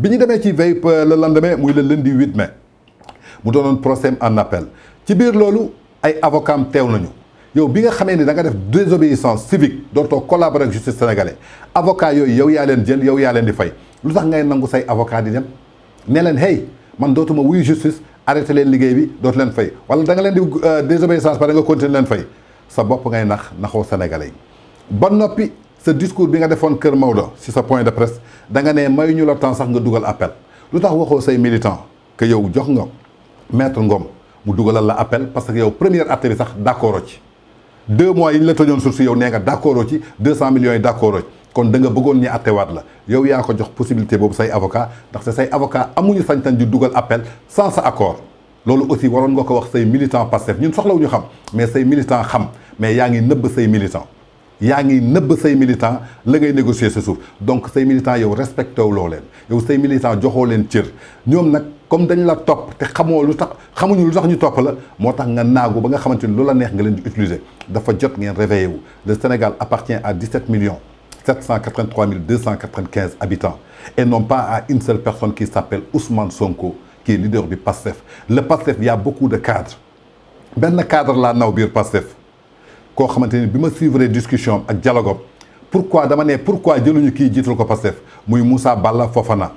biñu ñu ci veille euh, le lendemain muy le lundi 8 mai mu doonoon procès en appel ci bir lolu ay avocats téw teew nañu yow bi nga xamé ni da nga def désobéissance civique dootoo collaborer ak justice sénégalais avocat yoy yow ya len jël yow ya len di fay lu tax ngay nangou say avocat di dem ne leen hey man dootuma wuy justice arrêté len liguey bi dootu len fay wala da nga len di euh, désobéissance ba da nga continuer len fay sa bop ngay nax naxoo sénégalais Bon ba ce discours bi nga defoon Kër Maodo si sa point de presse da nga ne may ñu la temps sax nga dugal appel lu tax waxoo say militant que yow jox nga maître Ngom mu dugalal la appel parce que yow première atte bi sax d' ci deux mois yi ñu la tëjoon suuf si yow nee nga d' ci deux cent millions yi d' accord ci kon da nga bëggoon ñu attewaat la yow yaa ko jox possibilité boobu say avocat ndaxte say avocat amuñu sañ-sañ di appel sans sa accord loolu aussi waroon nga ko wax say militant Pastef ñun soxlawuñu xam mais say militant xam mais yaa ngi nëbb say militant yaa ngi nëbb say militant la ngay négocier ce souffle. donc ces militants, ils respectent wu loo leen yow say militants joxoo leen Nous, comme dañ la top, nous xamoo lu xamuñu lu ñu topp la moo tax nga naagu ba nga lu la le Sénégal appartient à 17 millions 783 295 habitants et non pas à une seule personne qui s'appelle Ousmane Sonko qui est leader du PASTEF le il y a beaucoup de cadres le cadre laa naw biir PASTEF ko xamanteni bima suivre discussion ak dialogue pourquoi dama né pourquoi jëluñu ki djitul ko Pastef muy Moussa Balla Fofana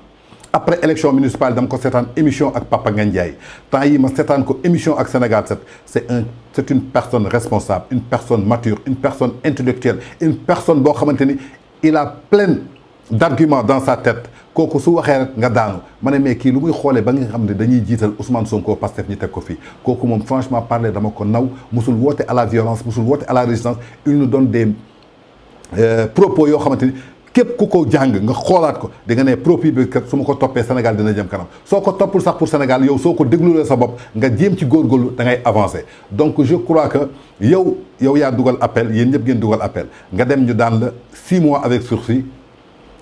après élection municipale dam ko sétane émission ak Papa Ngandjay Ndiaye temps yi ma seetaan ko émission ak Sénégal 7 c'est un c'est une personne responsable une personne mature une personne intellectuelle une personne bo xamanteni il a pleine d'argument dans sa tête kooku su waxee rek nga daanu mané ne mais kii lu muy xolé ba nga xamné dañuy jital Ousmane Sonko Pastef ñu tek ko fi koku mom franchement parler dama ko naw musul woté à la violence musul woté à la résistance il nous donne des euh, propos yo xamanteni kep képp ku ko jàng nga xoolaat ko di nga né propos bi kat su ko toppee Sénégal dina jëm kanam soko topul sax pour Sénégal yow soko ko déglulee sa bop nga jëm ci góorgóorlu da ngay avancer donc je crois que yow yow ya dougal appel yeen ñep gën dougal appel nga dem ñu daan la 6 mois avec sursis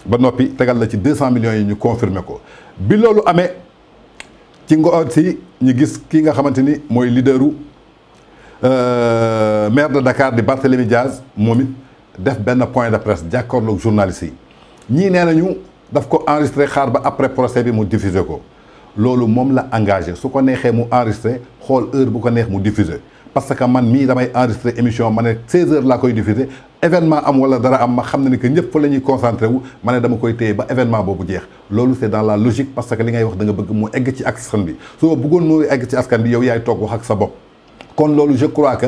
ba noppi tegal la ci 200 millions yi ñu confirmer ko bi lolu amé ci ngoon si ñu gis ki nga xamanteni moy leaderu leaderu maire de Dakar di Barthélémy Diaz momit def ben point de presse jàkkaarloog journaliste yi ñi nenañu daf ko enregistré xaar ba après procès bi mu diffuser ko lolu mom la engagé su ko nexé mu enregistrer xol heure bu ko nex mu diffuser parce que man mi damay enregistré émission ma 16 h la koy diffusé événement am wala dara am ma ni que concentré wu ma dama koy ba événement c'est dans la logique parce que li ngay wax da nga bëgg mo egg ci askan bi so bëggoon egg ci askan bi yow yaay wax ak sa bop kon je crois que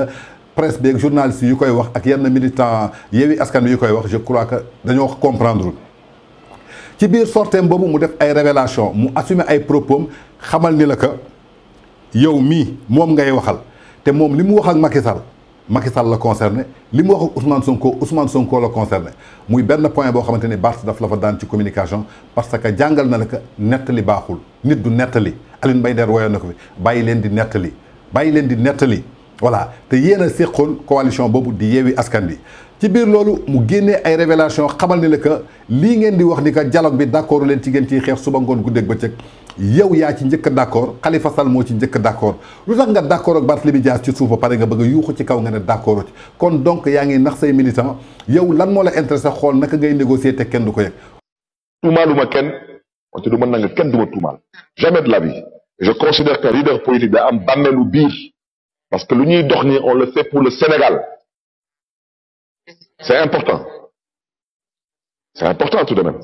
presse des journalistes yu koy wax ak yenn militant askan bi yu koy wax je crois que dañoo comprendre ci biir des mu def ay révélation mu assumer ay propos xamal ni la que yow mi mom ngay waxal wax ak Macky Sall la concerné li wax Ousmane Sonko Ousmane Sonko la concerné muy benn point boo xamante ni Barth daf la fa daan ci communication parce que jàngal na la que nettali Nid nit du nettali Aline Mbaye Nder woyoon na ko fi bàyyi leen di nettali bàyyi di nettali voilà te yéen a séqoon coalition boobu di yeewi askan bi ci bir loolu mu ay révélation xamal ni que ngeen di wax ni que dialogue bi ci suba yow ya ci d'accord, d'accord Khalifa Sall mo ci Vous d'accord lu tax nga d'accord ak Barthélémy Dias ci vous nga bëgg ci kaw nga ne donc ya ngi nax say militant yow lan mo la intéressé xol naka ngay négocier té kenn du ko kenn kenn jamais de la vie je considère que leader politique da am bamelu bir parce que lu ñuy dox on le fait pour le Sénégal. C'est important. C'est important tout de même.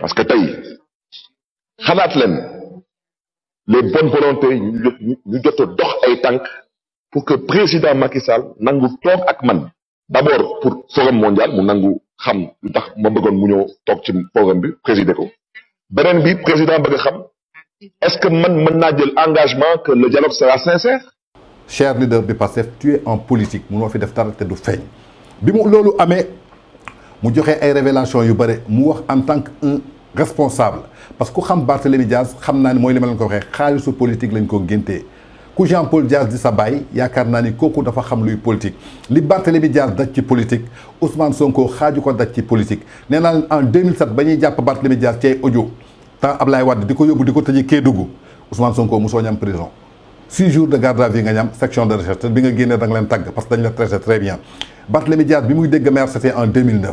Parce que tey les bonnes volontés nous devons a dox ay pour que le président Macky Sall nangu ak d'abord pour le forum mondial nous nangu xam lu tax ma bëggoon mu ñëw toog forum bi ko président bëgg est-ce que man mën l'engagement jël que le dialogue sera sincère. cher leader de tu es en politique Nous fi def dara te du feeñ. Je vous amé mu ay révélation yu bari mu wax en tant que responsable parce que xam Barthélémy Diaz xamna politique lañ Jean Paul Diaz di sa ni politique li Barthélémy Diaz politique Ousmane Sonko ko ci politique en 2007 bañuy japp Diaz ci audio Wade Ousmane Sonko mu prison six jours de garde à vie, nga ñam section de recherche bi nga génnee da nga leen tàgg parce que dañ la très bien Barthélémy Diaz bi muy dégg maire c'était en 2009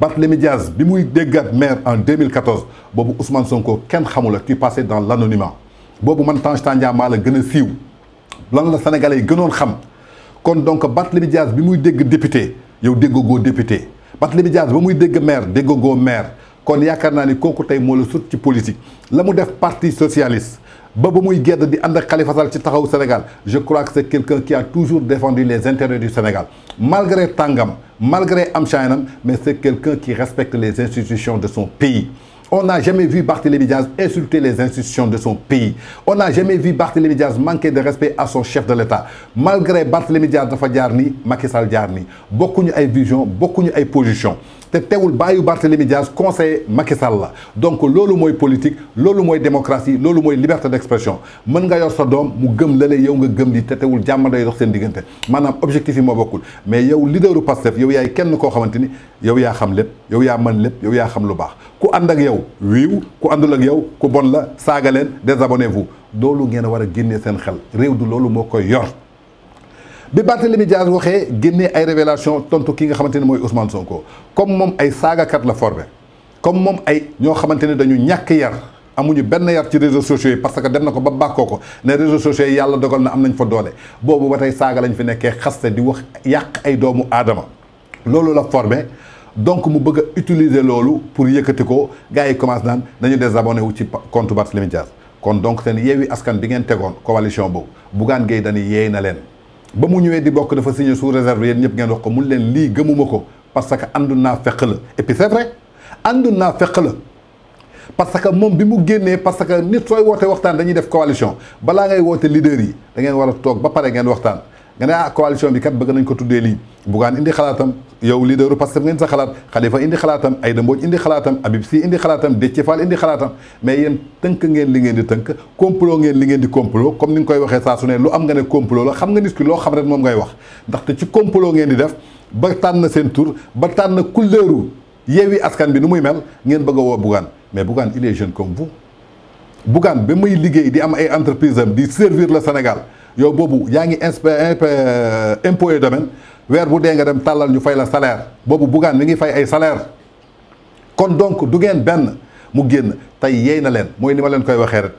Barthélémy Diaz bi muy déggat maire en 2014 boobu Ousmane Sonko kenn xamula tu passé dans l'anonymat boobu man Tange Tandian maa la gën lan la sénégalais yi gënoon xam kon donc Barthélémy Diaz bi muy dégg député yow déggagoo député Barthélémy Diaz ba muy dégg maire déggagoo maire kon yaakaar naa ni kooku tey moo la sut ci politique la def parti socialiste je crois que c'est quelqu'un qui a toujours défendu les intérêts du Sénégal malgré Tangam, malgré am mais c'est quelqu'un qui respecte les institutions de son pays On n'a jamais vu Barthélémy Diaz insulter les institutions de son pays. On n'a jamais vu Barthélémy Diaz manquer de respect à son chef de l'État. Malgré Barthélémy Diaz, Macky Sall Beaucoup de vision, beaucoup de position te teewul qui Barthélemy Macky Sall donc lolu politique lolu démocratie lolu liberté d'expression mën nga yor sa dom mu gëm yow nga gëm li dox objectif mais yow leaderu Pastef yow yaay kenn ko xamanteni yow ya xam lepp yow ya man lepp yow ya xam lu bax ku yow ku ak yow ku bon la désabonnez-vous ngeen wara que sen xel rew du lolu yor bi Barthélémy Dias waxé génnee ay révélation tonto ki nga xamanténi moy Ousmane Sonko comme mom ay saga kat la formé comme mom ay ño xamanténi dañu ñak yar amuñu benn yar ci réseaux sociaux parce que dem nako ba bakoko né réseaux sociaux yalla dogal na amnañ fa doolé bobu batay saga lañ fi nekké xaste di wax yak ay doomu adama lolu la formé donc mu bëgg utiliser lolu pour yëkëti ko gaay yi commence naan dañu désabonné wu ci compte Barthélémy Dias kon donc seen yeewi askan bi ngeen tegoon coalition boobu bugan Gueye dañuy yeey na leen ba mu ñëwee di bokk dafa signé sous réserve yéen ñëpp ngeen wax ko mun leen lii gëmuma ko parce que àndu naa fekk la et puis c'est àndu naa fekk la parce que moom bi mu génnee parce que nit sooy woote waxtaan dañuy def coalition balaa ngay woote leader yi dangeen war a toog ba pare ngeen waxtaan nga ne ah, coalition bi kat bëgg nañ ko tuddee lii Bougane indi xalaatam yow leaderu Pastef ngeen sa xalaat Khalifa indi xalaatam Aïda Mbodj indi xalaatam Habib Sy indi xalaatam Déthié Fall indi xalaatam mais yéen tënk ngeen li ngeen di tënk complot ngeen li ngeen di complot comme ni nga koy waxee saa su ne lu am nga ne complot la xam nga nit ki loo xam rek moom ngay wax ndaxte ci complot ngeen di def ba tànn seen tur ba tànn kulleeru yeewi askan bi nu muy mel ngeen bëgg a woo Bougane mais Bougane il est jeune comme vous Bougane ba muy liggéey di am ay entreprise am di servir Sénégal yow boobu yaa ngi inspe impôt et euh, domaine weer bu dee nga dem tàllal ñu fay la salaire boobu buggaan mi ngi fay ay salaire kon donc du ngeen benn mu génn tey yeey na leen mooy ni ma leen koy waxee rek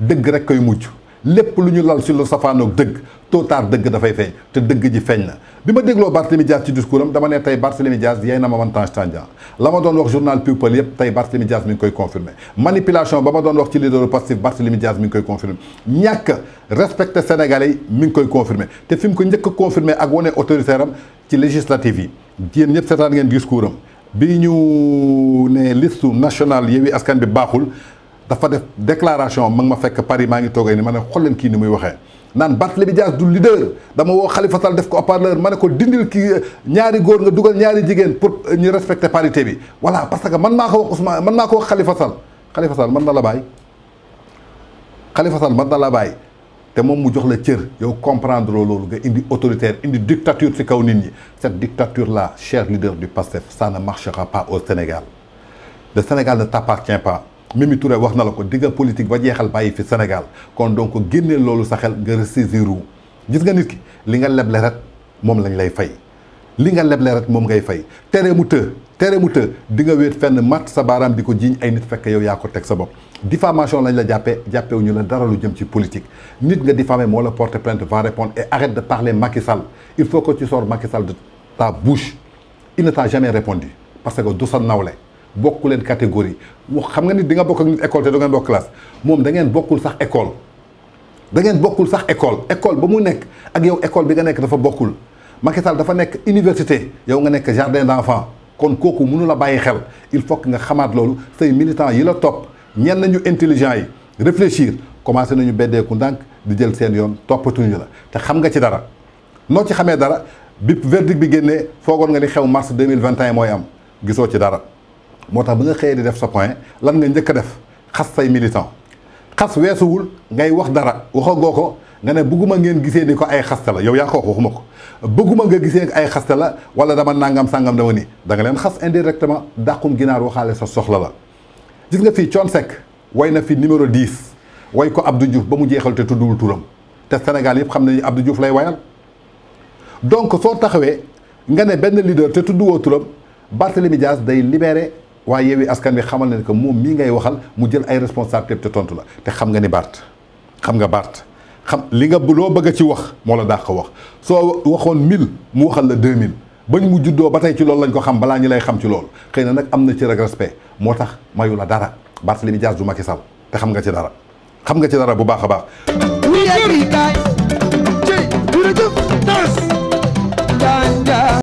dëgg rek koy mujj lépp lu ñu lal si lu safaanoog dëgg tôt tard dëgg dafay feeñ te dëgg ji feeñ na bi ma dégloo Barthélemy Dias ci discours am dama ne tey Barthélemy Dias yey na ma man Tange Tandian la ma doon wax journal People yëpp tey Barthélemy Dias mi ngi koy confirmer manipulation ba ma doon wax ci leaderu Pastef Barthélemy Dias mi ngi koy confirmer ñàkk respecté Sénégalais yi mi ngi koy confirmer te fi mu ko njëkk a confirmer ak wane autoritaire am ci législative yi yéen ñëpp seetaan ngeen discours am bi ñu ne liste nationale Yewwi Askan bi baaxul dafa def déclaration mang ma fekk Paris maa ngi toogee ni ma ne xool leen kii ni muy waxee naan Barthélémy Dias du leader dama woo Khalifa Sall def ko haut-parleur ma ne ko dindil kii euh, ñaari góor nga dugal ñaari jigéen pour euh, ñu respecter parité bi voilà parce que man maa ko wax Ousmane man maa ko wax Khalifa Sall Khalifa Sall man na la bàyyi Khalifa Sall mën na la bàyyi te moom mu jox la cër yow comprendre loolu nga indi autoritaire indi dictature ci kaw nit ñi cette dictature là cher leader du PASTEF ça ne marchera pas au Sénégal le Sénégal ne t'appartient pas Mimi Touré wax na la ko digga politique ba jeexal bàyyi fi Sénégal kon donc génneel loolu sa xel nga ressaisir wu gis nga nit ki li nga leble rek mom lañ lay fay li nga leble rek moom ngay fay tere mu të tere mu të di nga wéet fenn mat sa baaraam di ay nit fekk yow ko sa bopp diffamation lañ la jàppee jàppewu ñu la dara lu jëm ci politique nit nga diffamé moi la porter plainte va répondre et arrête de parler Macky Sall il faut que tu sors Macky Sall de ta bouche il ne t'a jamais répondu parce que du sa nawle bokku leen catégorie xam nga nit di nga bokk ak nit école te da ngeen bokk classe moom dangeen bokkul sax école da ngeen bokkul sax école école ba mu nekk ak yow école bi nga nekk dafa bokkul Macky Sall dafa nekk université yow nga nekk jardin d'enfants kon kooku mënu la bàyyi xel il faut que nga xamaat loolu say militants yi la topp ñenn ñu intelligent yi réfléchir commencé nañu beddeeku ndànk di jël seen yoon toppatuñu la te xam nga ci dara noo ci xamee dara bi verdict bi génnee foogoon nga ni xew mars 2021 mooy am gisoo ci dara motax ba nga xeye di def sa point lan nga ñëk def xass say militant xas weesuwul ngay wax dara waxo goko nga ne bëgguma ngeen gisee ni ko ay xass la yow ya ko wax waxuma ko bëgguma nga gisee ay xass la wala dama nangam sangam dama ni da nga leen xass indirectement dàqum ginaar waxale sa soxla la gis nga fi Thione sec way na fi numéro 10 way ko Abdou Diouf ba mu jéxal te tudduwul turam te Sénégal yëpp xam nañu Abdou Diouf lay wayal donc so taxawé nga ne benn leader te wo turam Barthélémy Dias day libéré waa Yewwi Askan Wi xamal ne que moom mii ngay waxal mu jël ay responsabilités te tontu la te xam nga ni Barth xam nga Barth xam li nga loo bëgg ci wax moo la daax ko wax soo waxoon mille mu waxal la deux mille bañ mu juddoo ba tey ci loolu lañ ko xam balaa ñu lay xam ci loolu xëy na nag am na ci rek respect moo tax mayu la dara Barthélémy Dias du Macky Sall te xam nga ci dara xam nga ci dara bu baax a baax